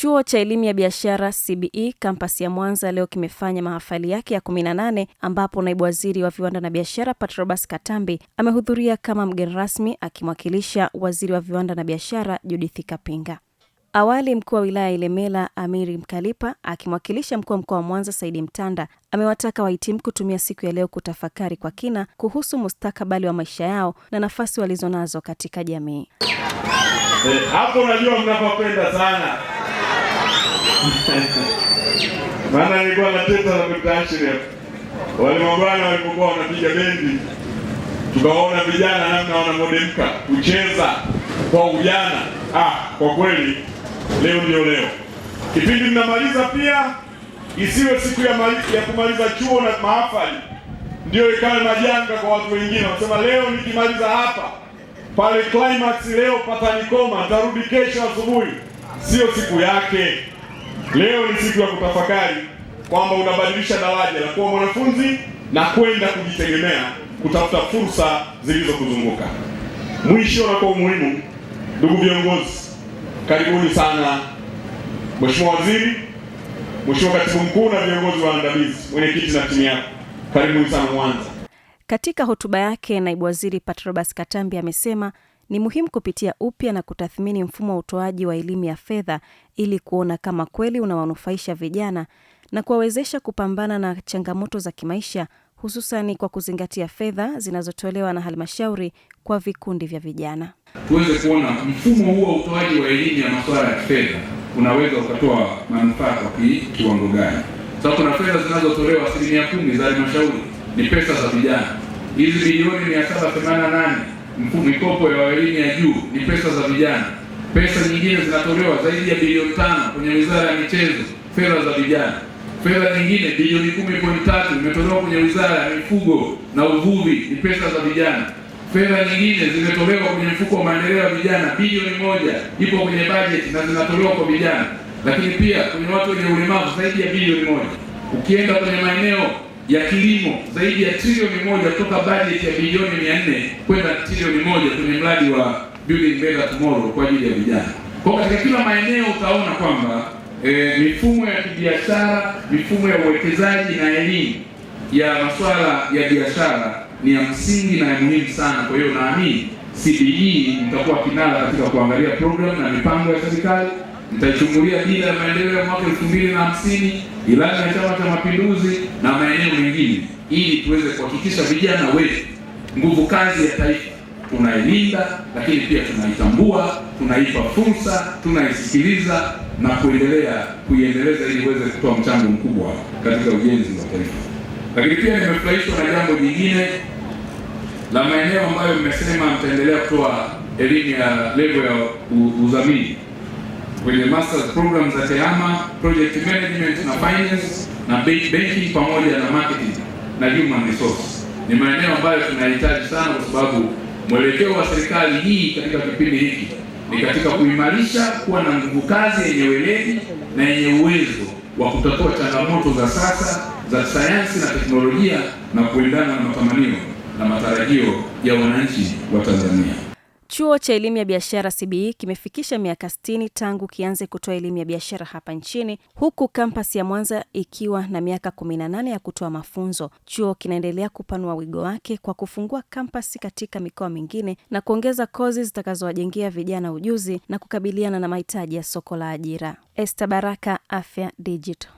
Chuo cha elimu ya biashara CBE kampasi ya Mwanza leo kimefanya mahafali yake ya 18 ambapo naibu waziri wa viwanda na biashara Patrobas Katambi amehudhuria kama mgeni rasmi akimwakilisha waziri wa viwanda na biashara Judith Kapinga. Awali mkuu wa wilaya ya Ilemela Amiri Mkalipa akimwakilisha mkuu wa mkoa wa Mwanza Saidi Mtanda amewataka wahitimu kutumia siku ya leo kutafakari kwa kina kuhusu mustakabali wa maisha yao na nafasi walizonazo katika jamii. Hapo najua mnapopenda sana maana alikuwa anateta na Dr. Ashraf. Wale mabwana walipokuwa wanapiga bendi, tukawaona vijana namna wanamodemka kucheza kwa ujana. Ah, kwa kweli leo ndio leo. Kipindi mnamaliza pia isiwe siku ya, ya kumaliza chuo na mahafali ndiyo ikawe majanga kwa watu wengine, wanasema leo nikimaliza hapa pale climax, leo patanikoma, ntarudi kesho asubuhi. Sio siku yake. Leo ni siku ya kutafakari kwamba unabadilisha daraja la kuwa mwanafunzi na kwenda kujitegemea, kutafuta fursa zilizokuzunguka. Mwisho na kwa umuhimu, ndugu viongozi, karibuni sana Mheshimiwa Waziri, Mheshimiwa Katibu Mkuu na viongozi waandamizi, mwenyekiti na timu yako, karibuni sana Mwanza. Katika hotuba yake, naibu waziri Patrobas Katambi amesema ni muhimu kupitia upya na kutathmini mfumo wa utoaji wa elimu ya fedha ili kuona kama kweli unawanufaisha vijana na kuwawezesha kupambana na changamoto za kimaisha hususani kwa kuzingatia fedha zinazotolewa na halmashauri kwa vikundi vya vijana. Tuweze kuona mfumo huo wa utoaji wa elimu ya masuala ya fedha unaweza ukatoa manufaa kwa kiwango gani? Sasa kuna fedha zinazotolewa asilimia kumi za halmashauri ni pesa za vijana, hizi bilioni mia saba themanini nane mikopo ya elimu ya juu ni pesa za vijana. Pesa nyingine zinatolewa zaidi ya bilioni tano kwenye wizara ya michezo, fedha za vijana. Fedha nyingine bilioni kumi pointi tatu imetolewa kwenye wizara ya mifugo na uvuvi, ni pesa za vijana. Fedha nyingine zimetolewa kwenye mfuko wa maendeleo ya vijana, bilioni moja ipo kwenye bajeti na zinatolewa kwa vijana, lakini pia kwenye watu wenye ulemavu zaidi ya bilioni moja. Ukienda kwenye maeneo ya kilimo zaidi ya trilioni moja kutoka bajeti ya bilioni mia nne kwenda trilioni moja kwenye mradi wa Building Better Tomorrow kwa ajili ya vijana. Kwa katika kila maeneo utaona kwamba e, mifumo ya kibiashara, mifumo ya uwekezaji na elimu ya masuala ya biashara ni ya msingi na ya muhimu sana. Kwa hiyo naamini CBE itakuwa kinara katika kuangalia program na mipango ya serikali mtaichungulia dira ya maendeleo ya mwaka elfu mbili na hamsini ilani ya Chama cha Mapinduzi na maeneo mengine, ili tuweze kuhakikisha vijana wetu, nguvu kazi ya taifa, tunailinda lakini pia tunaitambua, tunaipa fursa, tunaisikiliza na kuendelea kuiendeleza ili iweze kutoa mchango mkubwa katika ujenzi wa taifa. Lakini pia nimefurahishwa na jambo jingine la maeneo ambayo mmesema mtaendelea kutoa elimu ya levo ya uzamini kwenye master program za TEHAMA, project management na finance na banking pamoja na marketing na human resources. Ni maeneo ambayo tunahitaji sana, kwa sababu mwelekeo wa serikali hii katika kipindi hiki ni katika kuimarisha kuwa na nguvu kazi yenye weledi na yenye uwezo wa kutatua changamoto za sasa za sayansi na teknolojia na kuendana na matamanio na matarajio ya wananchi wa Tanzania. Chuo cha elimu ya biashara CBE kimefikisha miaka 60 tangu kianze kutoa elimu ya biashara hapa nchini, huku kampasi ya Mwanza ikiwa na miaka 18 ya kutoa mafunzo. Chuo kinaendelea kupanua wigo wake kwa kufungua kampasi katika mikoa mingine na kuongeza kozi zitakazowajengea vijana ujuzi na kukabiliana na mahitaji ya soko la ajira. Esta Baraka, Afya Digital.